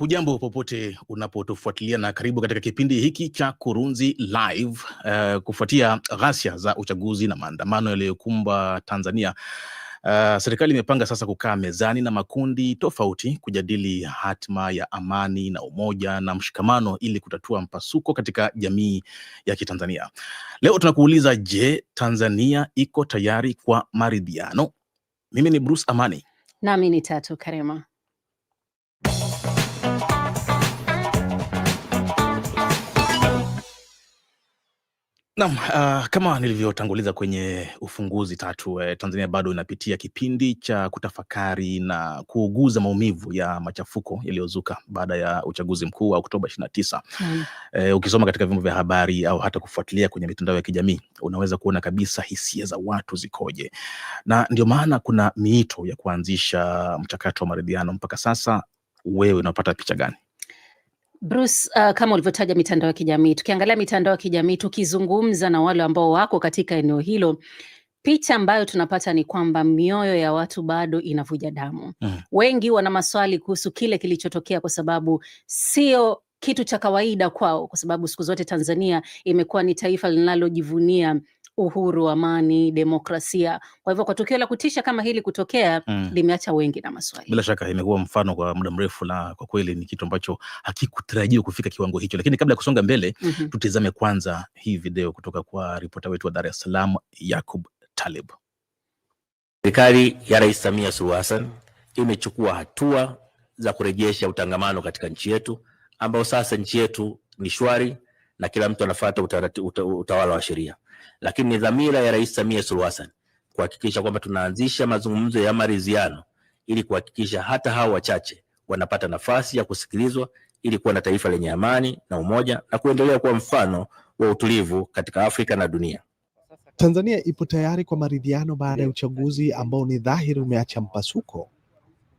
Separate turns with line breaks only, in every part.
Hujambo popote unapotufuatilia na karibu katika kipindi hiki cha Kurunzi Live. Uh, kufuatia ghasia za uchaguzi na maandamano yaliyokumba Tanzania, uh, serikali imepanga sasa kukaa mezani na makundi tofauti kujadili hatima ya amani na umoja na mshikamano ili kutatua mpasuko katika jamii ya Kitanzania. Leo tunakuuliza, je, Tanzania iko tayari kwa maridhiano? Mimi ni Bruce Amani
nami ni Tatu Karema.
Naam, uh, kama nilivyotanguliza kwenye ufunguzi tatu eh, Tanzania bado inapitia kipindi cha kutafakari na kuuguza maumivu ya machafuko yaliyozuka baada ya uchaguzi mkuu wa Oktoba 29. Mm. Eh, ukisoma katika vyombo vya habari au hata kufuatilia kwenye mitandao ya kijamii unaweza kuona kabisa hisia za watu zikoje, na ndio maana kuna miito ya kuanzisha mchakato wa maridhiano. Mpaka sasa wewe unapata picha gani?
Bruce, uh, kama ulivyotaja mitandao ya kijamii, tukiangalia mitandao ya kijamii, tukizungumza na wale ambao wako katika eneo hilo, picha ambayo tunapata ni kwamba mioyo ya watu bado inavuja damu. Mm. Wengi wana maswali kuhusu kile kilichotokea, kwa sababu sio kitu cha kawaida kwao, kwa sababu siku zote Tanzania imekuwa ni taifa linalojivunia uhuru, amani, demokrasia. Kwa hivyo kwa tukio la kutisha kama hili kutokea mm, limeacha wengi na maswali.
Bila shaka imekuwa mfano kwa muda mrefu, na kwa kweli ni kitu ambacho hakikutarajiwa kufika kiwango hicho. Lakini kabla ya kusonga mbele, mm -hmm, tutizame kwanza hii video kutoka kwa ripota wetu wa Dar es Salaam, Yakub Talib.
Serikali ya Rais Samia Suluhu Hassan imechukua hatua za kurejesha utangamano katika nchi yetu ambao sasa nchi yetu ni shwari na kila mtu anafuata utawala wa sheria, lakini ni dhamira ya Rais Samia Suluhu Hassan kuhakikisha kwamba tunaanzisha mazungumzo ya maridhiano ili kuhakikisha hata hao wachache wanapata nafasi ya kusikilizwa ili kuwa na taifa lenye amani na umoja na kuendelea kuwa mfano wa utulivu katika Afrika na dunia.
Tanzania ipo tayari kwa maridhiano baada ya uchaguzi ambao ni dhahiri umeacha mpasuko.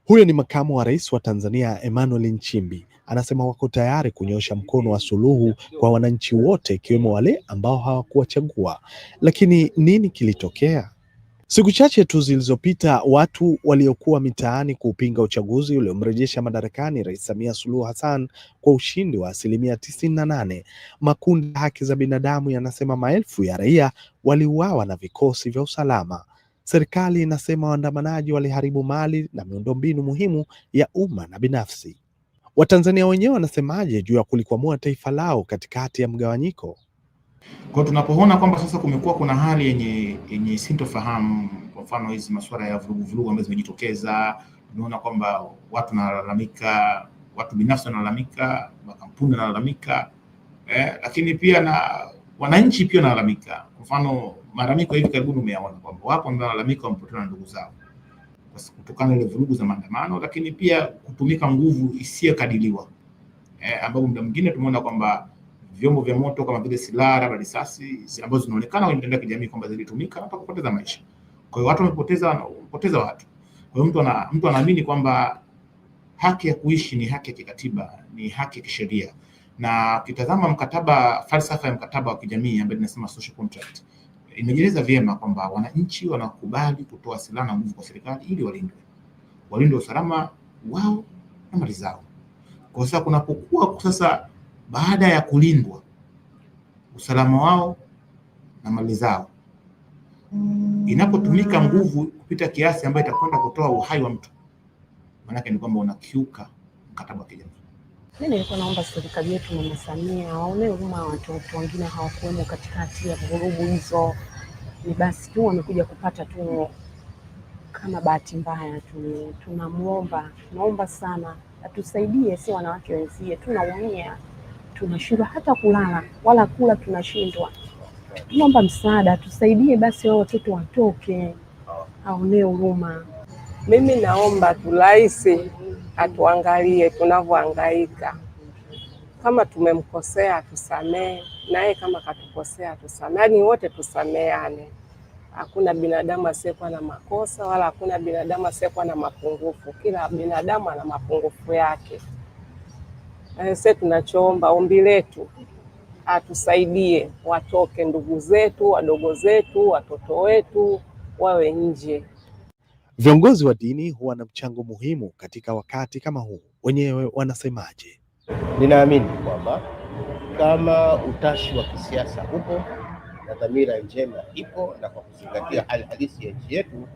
Huyo ni makamu wa rais wa Tanzania Emmanuel Nchimbi anasema wako tayari kunyosha mkono wa suluhu kwa wananchi wote ikiwemo wale ambao hawakuwachagua. Lakini nini kilitokea? Siku chache tu zilizopita, watu waliokuwa mitaani kuupinga uchaguzi uliomrejesha madarakani Rais Samia Suluhu Hassan kwa ushindi wa asilimia tisini na nane, makundi ya haki za binadamu yanasema maelfu ya raia waliuawa na vikosi vya usalama. Serikali inasema waandamanaji waliharibu mali na miundombinu muhimu ya umma na binafsi. Watanzania wenyewe wanasemaje juu ya kulikwamua taifa lao katikati ya mgawanyiko?
Kwa tunapoona kwamba sasa kumekuwa kuna hali yenye yenye sintofahamu, kwa mfano hizi masuala ya vuruguvurugu ambazo zimejitokeza, tumeona kwamba watu wanalalamika, watu binafsi wanalalamika, makampuni wanalalamika eh, lakini pia na Wananchi pia wanalalamika. Kwa mfano, malalamiko hivi karibuni umeyaona kwamba wapo ambao wanalalamika wamepotana na ndugu zao kutokana ile vurugu za maandamano, lakini pia kutumika nguvu isiyokadiriwa e, ambapo muda mwingine tumeona kwamba vyombo vya moto kama vile silaha, na risasi ambazo zinaonekana kwenye mitandao ya kijamii kwamba zilitumika mpaka kupoteza maisha. Kwa hiyo watu wamepoteza poteza watu. Kwa hiyo mtu ana mtu anaamini kwamba haki ya kuishi ni haki ya kikatiba, ni haki ya kisheria na ukitazama mkataba, falsafa ya mkataba wa kijamii ambayo tunasema social contract imejeleza vyema kwamba wananchi wanakubali kutoa silaha na nguvu kwa serikali ili walindwe, walindwe usalama wao na mali zao. Kwa sasa kunapokuwa sasa, baada ya kulindwa usalama wao na mali zao, inapotumika nguvu kupita kiasi ambayo itakwenda kutoa uhai wa mtu, maanake ni kwamba unakiuka mkataba wa kijamii.
Mi nilikuwa naomba serikali yetu Mama Samia aone huruma watoto wengine hawakuwemo katikati ya vurugu hizo, ni basi tu wamekuja kupata tu kama bahati mbaya tu. Tunamwomba, tunaomba sana atusaidie, si wanawake wenzie, tunaumia, tunashindwa hata kulala wala kula, tunashindwa. Tunaomba msaada, atusaidie basi, wao watoto watoke, aonee huruma.
Mimi naomba tu rais atuangalie tunavyohangaika. Kama tumemkosea tusamee, naye kama katukosea tusamee, yani wote tusameane. Hakuna binadamu asiyekuwa na makosa wala hakuna binadamu asiyekuwa na mapungufu. Kila binadamu ana mapungufu yake. Sisi tunachoomba, ombi letu atusaidie, watoke ndugu zetu, wadogo zetu, watoto wetu wawe nje
Viongozi wa dini huwa na mchango muhimu katika wakati kama huu, wenyewe wanasemaje?
Ninaamini kwamba kama utashi wa kisiasa upo na dhamira njema ipo, na kwa kuzingatia hali halisi ya nchi yetu,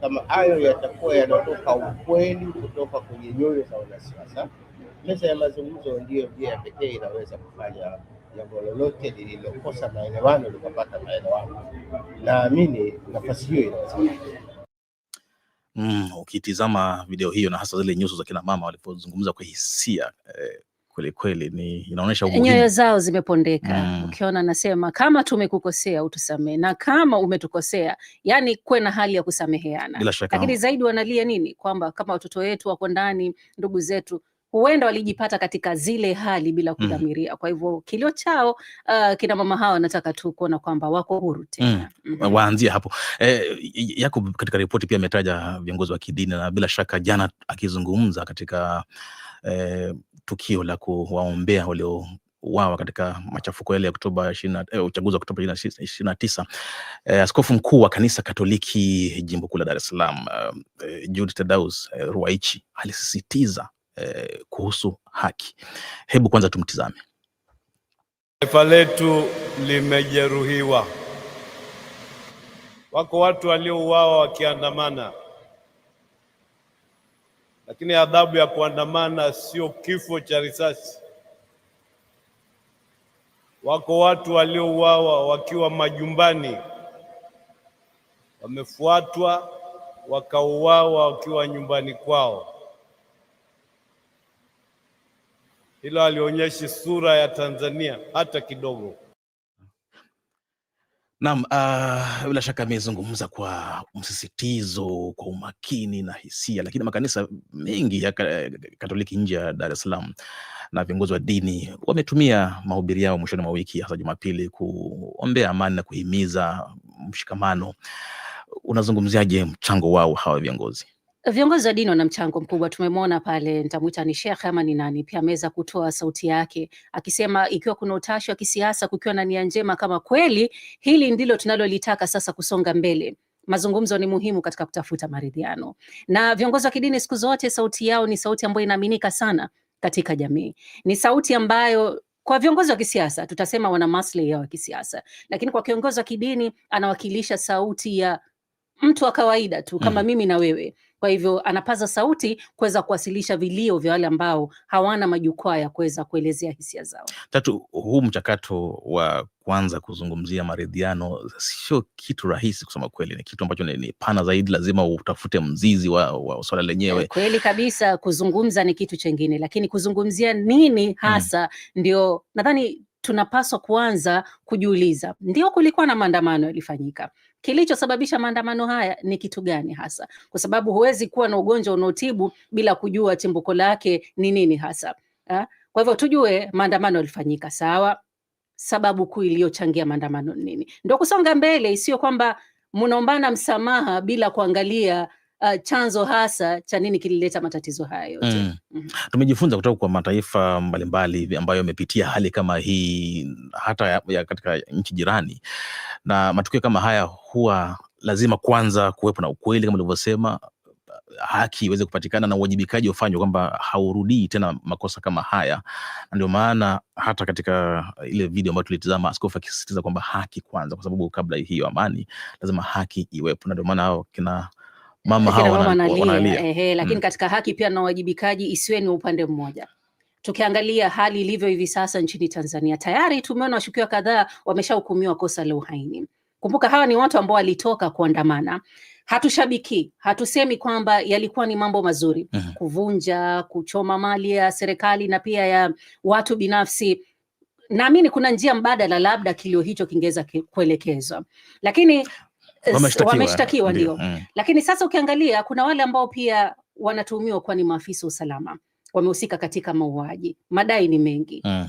kama hayo yatakuwa yanatoka ukweli kutoka kwenye nyoyo za wanasiasa, meza ya mazungumzo ndiyo njia ya pekee inaweza kufanya jambo lolote lililokosa maelewano likapata maelewano. Naamini nafasi hiyo inaweza
Mm, ukitizama video hiyo na hasa zile nyuso za kina mama walipozungumza kwa hisia eh, kweli kweli ni
inaonyesha eh, nyoyo zao zimepondeka. Mm. Ukiona anasema kama tumekukosea utusamehe, na kama umetukosea, yani kuwe na hali ya kusameheana. Lakini zaidi wanalia nini? Kwamba kama watoto wetu wako ndani, ndugu zetu huenda walijipata katika zile hali bila mm. kudhamiria. Mm. Kwa hivyo kilio chao uh, kina mama hawa wanataka tu kuona kwamba wako huru tena.
Mm. Mm. waanzie hapo e, eh, yako katika ripoti pia ametaja viongozi wa kidini na bila shaka jana akizungumza katika e, tukio la kuwaombea walio wawa katika machafuko yale ya Oktoba eh, uchaguzi wa Oktoba ishirini na tisa. Eh, askofu mkuu wa kanisa Katoliki jimbo kuu la Dar es Salaam eh, Jude Tadaus eh, Ruwaichi alisisitiza eh, kuhusu haki. Hebu kwanza tumtizame.
Taifa letu limejeruhiwa, wako watu waliouawa wakiandamana, lakini adhabu ya kuandamana sio kifo cha risasi. Wako watu waliouawa wakiwa majumbani, wamefuatwa wakauawa wakiwa nyumbani kwao. hilo alionyeshi sura ya Tanzania hata kidogo.
Naam, uh, bila shaka amezungumza kwa msisitizo, kwa umakini na hisia, lakini makanisa mengi ya Katoliki nje ya Dar es Salaam na viongozi wa dini wametumia mahubiri yao mwishoni mwa wiki, hasa Jumapili, kuombea amani na kuhimiza mshikamano. Unazungumziaje mchango wao hawa viongozi?
Viongozi wa dini wana mchango mkubwa. Tumemwona pale, nitamwita ni shekhe ama ni nani, pia ameweza kutoa sauti yake akisema, ikiwa kuna utashi wa kisiasa, kukiwa na nia njema, kama kweli hili ndilo tunalolitaka sasa kusonga mbele mazungumzo ni muhimu katika kutafuta maridhiano, na viongozi wa kidini siku zote sauti yao ni sauti ambayo inaaminika sana katika jamii. Ni sauti ambayo kwa viongozi wa kisiasa tutasema wana maslahi yao ya kisiasa, lakini kwa kiongozi wa kidini anawakilisha sauti ya mtu wa kawaida tu kama mm. mimi na wewe kwa hivyo anapaza sauti kuweza kuwasilisha vilio vya wale ambao hawana majukwaa ya kuweza kuelezea hisia zao.
Tatu, huu mchakato wa kwanza kuzungumzia maridhiano sio kitu rahisi, kusema kweli. Ni kitu ambacho ni pana zaidi, lazima utafute mzizi wa, wa swala lenyewe.
Eh, kweli kabisa, kuzungumza ni kitu chengine, lakini kuzungumzia nini mm. hasa, mm. ndio nadhani tunapaswa kuanza kujiuliza, ndio kulikuwa na maandamano yalifanyika kilichosababisha maandamano haya ni kitu gani hasa? Kwa sababu huwezi kuwa na ugonjwa unaotibu bila kujua chimbuko lake ni nini hasa ha? Ah, kwa hivyo tujue maandamano yalifanyika, sawa. Sababu kuu iliyochangia maandamano ni nini? Ndio kusonga mbele, isiyo kwamba mnaombana msamaha bila kuangalia uh, chanzo hasa cha nini kilileta matatizo haya yote mm. mm -hmm.
Tumejifunza kutoka kwa mataifa mbalimbali ambayo yamepitia hali kama hii hata ya, ya katika nchi jirani, na matukio kama haya huwa lazima kwanza kuwepo na ukweli kama ulivyosema haki iweze kupatikana na uwajibikaji ufanywe, kwamba haurudii tena makosa kama haya. Na ndio maana hata katika ile video ambayo tulitizama, askofu akisisitiza kwamba haki kwanza, kwa sababu kabla hiyo amani lazima haki iwepo, na ndio maana kina mama hao wanalia ehe,
lakini mm. katika haki pia na uwajibikaji isiwe ni upande mmoja. Tukiangalia hali ilivyo hivi sasa nchini Tanzania, tayari tumeona washukiwa kadhaa wameshahukumiwa kosa la uhaini. Kumbuka hawa ni watu ambao walitoka kuandamana. Hatushabiki, hatusemi kwamba yalikuwa ni mambo mazuri mm -hmm. kuvunja, kuchoma mali ya serikali na pia ya watu binafsi Naamini kuna njia mbadala, labda kilio hicho kingeweza kuelekezwa, lakini wameshtakiwa ndio, mm. Lakini sasa ukiangalia kuna wale ambao pia wanatuhumiwa kuwa ni maafisa usalama, wamehusika katika mauaji, madai ni mengi mm.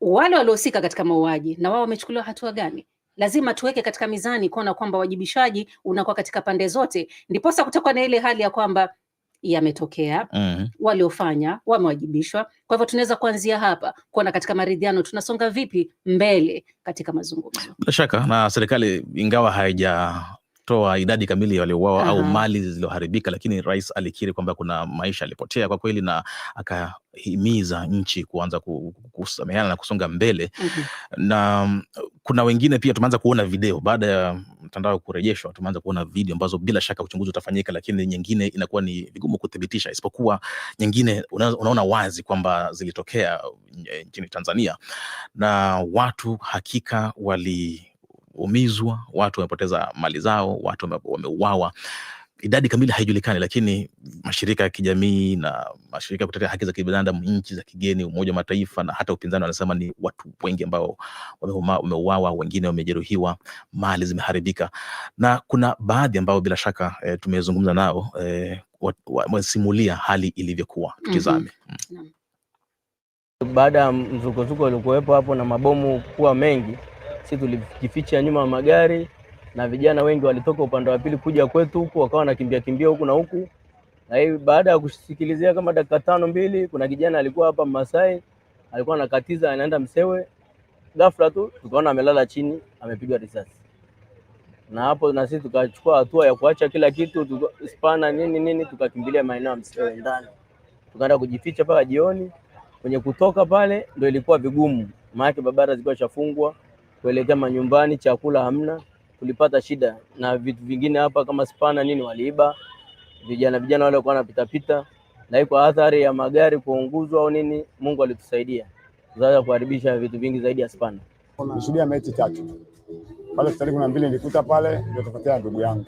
Wale waliohusika katika mauaji na wao wamechukuliwa hatua gani? Lazima tuweke katika mizani kuona kwamba wajibishaji unakuwa katika pande zote, ndiposa kutakuwa na ile hali ya kwamba yametokea mm. Waliofanya wamewajibishwa. Kwa hivyo tunaweza kuanzia hapa kuona katika maridhiano tunasonga vipi mbele katika mazungumzo.
Bila shaka na serikali, ingawa haija toa idadi kamili waliouawa au mali zilizoharibika, lakini rais alikiri kwamba kuna maisha alipotea kwa kweli, na akahimiza nchi kuanza kusameheana na kusonga mbele. mm -hmm. Na kuna wengine pia tumeanza kuona video baada ya mtandao kurejeshwa, tumeanza kuona video ambazo bila shaka uchunguzi utafanyika, lakini nyingine inakuwa ni vigumu kuthibitisha, isipokuwa nyingine una, unaona wazi kwamba zilitokea nchini Tanzania na watu hakika wali wameumizwa, watu wamepoteza mali zao, watu wameuawa. Idadi kamili haijulikani, lakini mashirika ya kijamii na mashirika ya kutetea haki za kibinadamu, nchi za kigeni, Umoja wa Mataifa na hata upinzani wanasema ni watu wengi ambao wameuawa, wengine wamejeruhiwa, mali zimeharibika, na kuna baadhi ambao bila shaka e, tumezungumza nao e, wamesimulia hali ilivyokuwa. Tutizame. mm -hmm. mm.
Baada ya mzukozuko uliokuwepo hapo na mabomu kuwa mengi si tulijificha nyuma ya magari, na vijana wengi walitoka upande wa pili kuja kwetu huku, wakawa wanakimbia kimbia huku na huku. Na hii baada ya kusikilizia kama dakika tano mbili, kuna kijana alikuwa hapa Masai alikuwa anakatiza anaenda Msewe, ghafla tu tukaona amelala chini, amepigwa risasi, na hapo na sisi tukachukua hatua ya kuacha kila kitu tuka, spana nini nini, tukakimbilia maeneo ya Msewe ndani, tukaenda kujificha mpaka jioni. Kwenye kutoka pale ndio ilikuwa vigumu, maana barabara zilikuwa chafungwa kuelekea manyumbani, chakula hamna, tulipata shida na vitu vingine hapa kama spana nini waliiba, vijana vijana wale walikuwa wanapitapita, na iko athari ya magari kuunguzwa au nini. Mungu alitusaidia zaza kuharibisha vitu vingi zaidi ya spana.
Nimeshuhudia maiti tatu pale hospitali, kuna mbili nilikuta pale, ndio tupatia ndugu yangu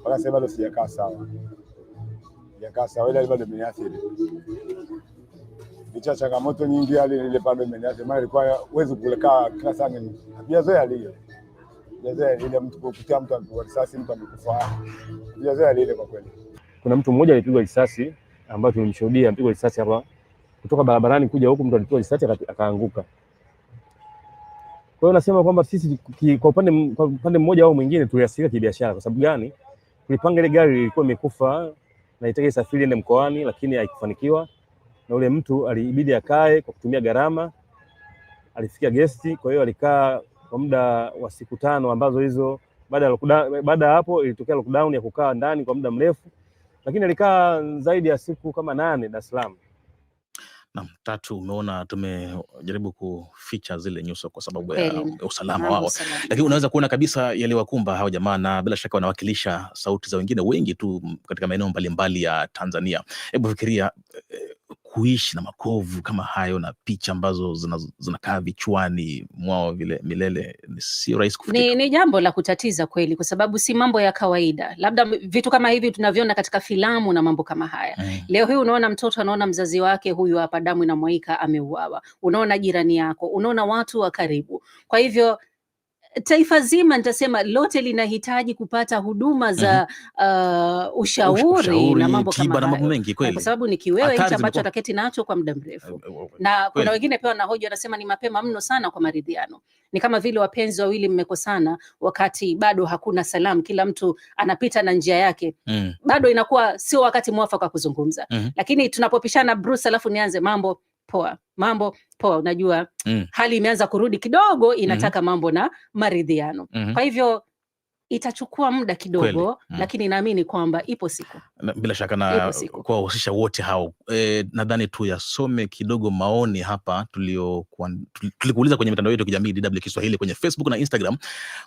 mpaka sasa bado sijakaa sawa, sijakaa sawa, ile bado imeathiri kupitia changamoto nyingi, ali ile pale imeniacha, ilikuwa huwezi kukaa kila sana, saa, hajazoea ile hajazoea ile mtu kupitia mtu amepigwa risasi, mtu amekufa, hajazoea ile kwa kweli.
Kuna mtu mmoja alipigwa risasi ambayo tulimshuhudia amepigwa risasi hapa kutoka barabarani kuja huku, mtu alipigwa risasi akaanguka. Kwa hiyo nasema kwamba sisi kwa upande kwa upande mmoja au mwingine tuliathirika kibiashara. Kwa sababu gani? Tulipanga ile gari ilikuwa imekufa na itaki safiri ende mkoani, lakini haikufanikiwa na ule mtu alibidi akae kwa kutumia gharama, alifikia gesti. Kwa hiyo alikaa kwa muda wa siku tano ambazo hizo baada ya hapo ilitokea lockdown ya kukaa ndani kwa muda mrefu, lakini alikaa zaidi ya siku kama nane Dar es Salaam.
Na Tatu, umeona tumejaribu kuficha zile nyuso kwa sababu ya Bele, usalama wao, lakini unaweza kuona kabisa yaliwakumba hao jamaa, na bila shaka wanawakilisha sauti za wengine wengi tu katika maeneo mbalimbali ya Tanzania. Hebu fikiria eh, kuishi na makovu kama hayo na picha ambazo zinakaa vichwani mwao vile milele, sio rahisi
Ni, ni jambo la kutatiza kweli, kwa sababu si mambo ya kawaida. Labda vitu kama hivi tunavyoona katika filamu na mambo kama haya mm. Leo hii unaona mtoto anaona mzazi wake huyu hapa damu inamwaika ameuawa, unaona jirani yako, unaona watu wa karibu, kwa hivyo taifa zima nitasema lote linahitaji kupata huduma za mhm. uh, ushauri, ushauri na mambo kama mengi kweli, kwa sababu ni kiwewe hicho ambacho ataketi nacho kwa muda mrefu, na kuna wengine pia wanahoja wanasema ni mapema mno sana kwa maridhiano. Ni kama vile wapenzi wawili mmekosana wakati bado hakuna salamu, kila mtu anapita na njia yake mm. bado inakuwa sio wakati mwafaka kuzungumza mm -hmm. Lakini tunapopishana Bruce, alafu nianze mambo poa, mambo poa. Unajua mm. hali imeanza kurudi kidogo, inataka mm -hmm. mambo na maridhiano mm -hmm. kwa hivyo itachukua muda kidogo mm. Lakini naamini kwamba ipo siku
na, bila shaka na kuwahusisha wote hao e, nadhani tuyasome kidogo maoni hapa tulikuuliza kwenye mitandao yetu ya kijamii DW Kiswahili kwenye Facebook na Instagram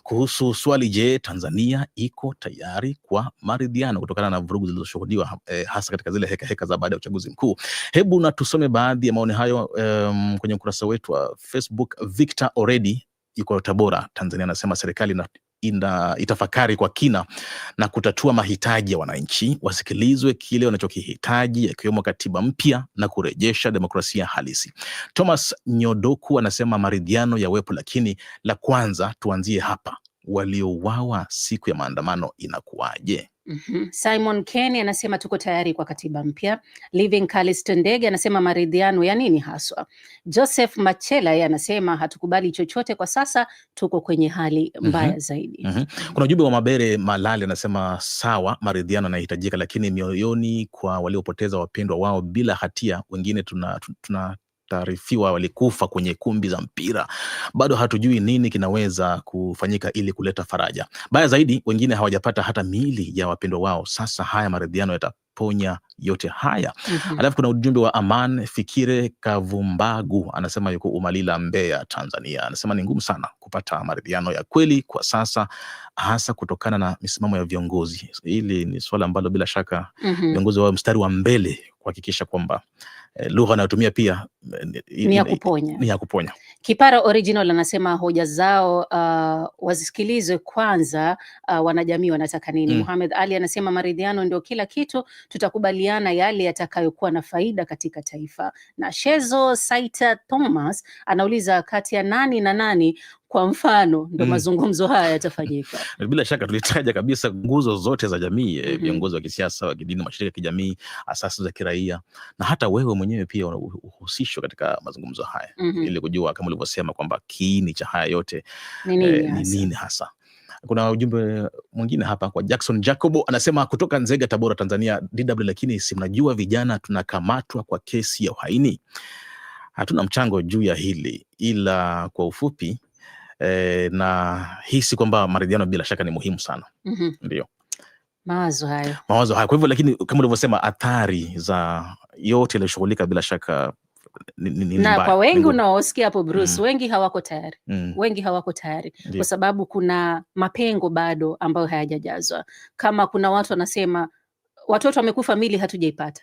kuhusu swali, je, Tanzania iko tayari kwa maridhiano kutokana na vurugu zilizoshuhudiwa e, hasa katika zile hekaheka heka za baada ya uchaguzi mkuu. Hebu na tusome baadhi ya maoni hayo um, kwenye ukurasa wetu wa Facebook. Victor Oredi iko Tabora, Tanzania, anasema serikali ina, itafakari kwa kina na kutatua mahitaji ya wananchi, wasikilizwe kile wanachokihitaji, yakiwemo katiba mpya na kurejesha demokrasia halisi. Thomas Nyodoku anasema maridhiano yawepo, lakini la kwanza tuanzie hapa, waliouawa siku ya maandamano inakuwaje? Mm-hmm.
Simon Kenny anasema tuko tayari kwa katiba mpya. Living Carliston Ndege anasema maridhiano ya nini haswa? Joseph Machela yeye anasema hatukubali chochote kwa sasa, tuko kwenye hali mm-hmm. mbaya mm -hmm. zaidi. mm -hmm.
Kuna ujumbe wa Mabere Malali anasema sawa, maridhiano yanahitajika, lakini mioyoni kwa waliopoteza wapendwa wao bila hatia, wengine tuna, tuna taarifiwa walikufa kwenye kumbi za mpira. Bado hatujui nini kinaweza kufanyika ili kuleta faraja. Baya zaidi, wengine hawajapata hata miili ya wapendwa wao. Sasa haya maridhiano yataponya yote haya. mm -hmm. Alafu kuna ujumbe wa Aman Fikire Kavumbagu, anasema yuko Umalila, Mbeya, Tanzania. Anasema ni ngumu sana kupata maridhiano ya kweli kwa sasa, hasa kutokana na misimamo ya viongozi. Hili ni suala ambalo bila shaka mm -hmm. viongozi wawe mstari wa mbele kuhakikisha kwamba Eh, lugha anayotumia pia
eh, ni ya kuponya, ni ya kuponya. Kipara Original anasema hoja zao uh, wazisikilizwe kwanza, uh, wanajamii wanataka nini. Mm. Muhamed Ali anasema maridhiano ndio kila kitu, tutakubaliana yale yatakayokuwa na faida katika taifa. Na Shezo Saita Thomas anauliza kati ya nani na nani kwa mfano ndo mm. mazungumzo haya yatafanyika.
Bila shaka tulitaja kabisa nguzo zote za jamii, eh, mm-hmm. viongozi mm -hmm. wa kisiasa, wa kidini, mashirika ya kijamii, asasi za kiraia na hata wewe mwenyewe pia unahusishwa katika mazungumzo haya mm -hmm. ili kujua kama ulivyosema kwamba kiini cha haya yote
ni nini, eh, nini hasa
kuna ujumbe mwingine hapa kwa Jackson Jacobo anasema kutoka Nzega, Tabora, Tanzania. DW, lakini si mnajua vijana tunakamatwa kwa kesi ya uhaini? Hatuna mchango juu ya hili, ila kwa ufupi eh, na hisi kwamba maridhiano bila shaka ni muhimu sana mm -hmm. Ndio
mawazo hayo,
mawazo hayo. Kwa hivyo lakini kama ulivyosema, athari za yote yaliyoshughulika bila shaka na
kwa wengi unaosikia hapo Bruce mm. wengi hawako tayari mm. wengi hawako tayari kwa sababu kuna mapengo bado ambayo hayajajazwa. Kama kuna watu wanasema watoto wamekufa mili hatujaipata,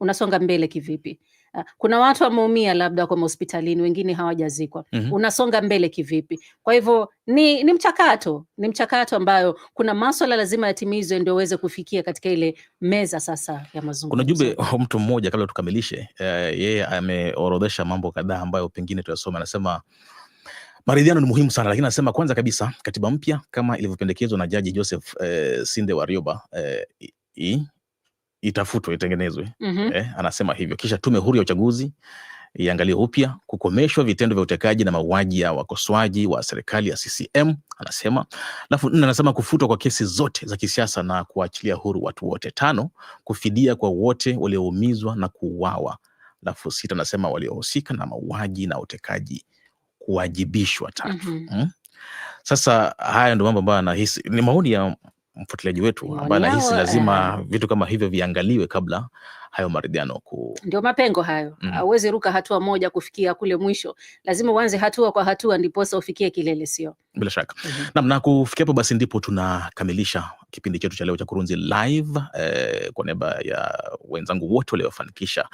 unasonga mbele kivipi? Eh, kuna watu wameumia labda kwa hospitalini, wengine hawajazikwa. mm -hmm. Unasonga mbele kivipi? Kwa hivyo ni, ni mchakato ni mchakato ambayo kuna maswala lazima yatimizwe ndio uweze kufikia katika ile meza sasa ya mazungumzo.
Kuna jumbe mtu mmoja kabla tukamilishe, uh, yeye ameorodhesha mambo kadhaa ambayo pengine tuyasome. Anasema maridhiano ni muhimu sana, lakini anasema kwanza kabisa katiba mpya kama ilivyopendekezwa na Jaji Joseph uh, Sinde Warioba uh, itafutwe itengenezwe. mm -hmm. Eh, anasema hivyo. Kisha tume huru ya uchaguzi iangalie upya kukomeshwa vitendo vya utekaji na mauaji ya wakosoaji wa serikali ya CCM, anasema. Alafu nne, anasema kufutwa kwa kesi zote za kisiasa na kuachilia huru watu wote. Tano, kufidia kwa wote walioumizwa na kuuawa. Alafu sita, anasema waliohusika na mauaji na utekaji kuwajibishwa. Tatu. mm -hmm. hmm? Sasa haya ndio mambo ambayo anahisi ni maoni ya mfuatiliaji wetu ambaye anahisi lazima eh. vitu kama hivyo viangaliwe kabla hayo maridhiano ku...
ndio mapengo hayo mm hauwezi -hmm. ruka hatua moja kufikia kule mwisho, lazima uanze hatua kwa hatua ndiposa ufikie kilele, sio?
Bila shaka mm -hmm. Naam, na kufikia hapo basi ndipo tunakamilisha kipindi chetu cha leo cha Kurunzi Live eh, kwa niaba ya wenzangu wote waliofanikisha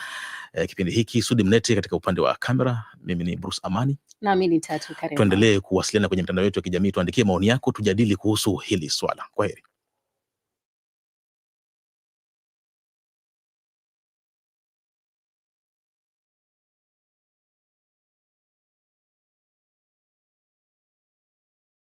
eh, kipindi hiki, Sudi Mneti katika upande wa kamera, mimi ni Bruce Amani
ni Tatu Karema.
Tuendelee kuwasiliana kwenye mitandao yetu ya kijamii, tuandikie maoni yako, tujadili kuhusu hili swala. Kwa heri.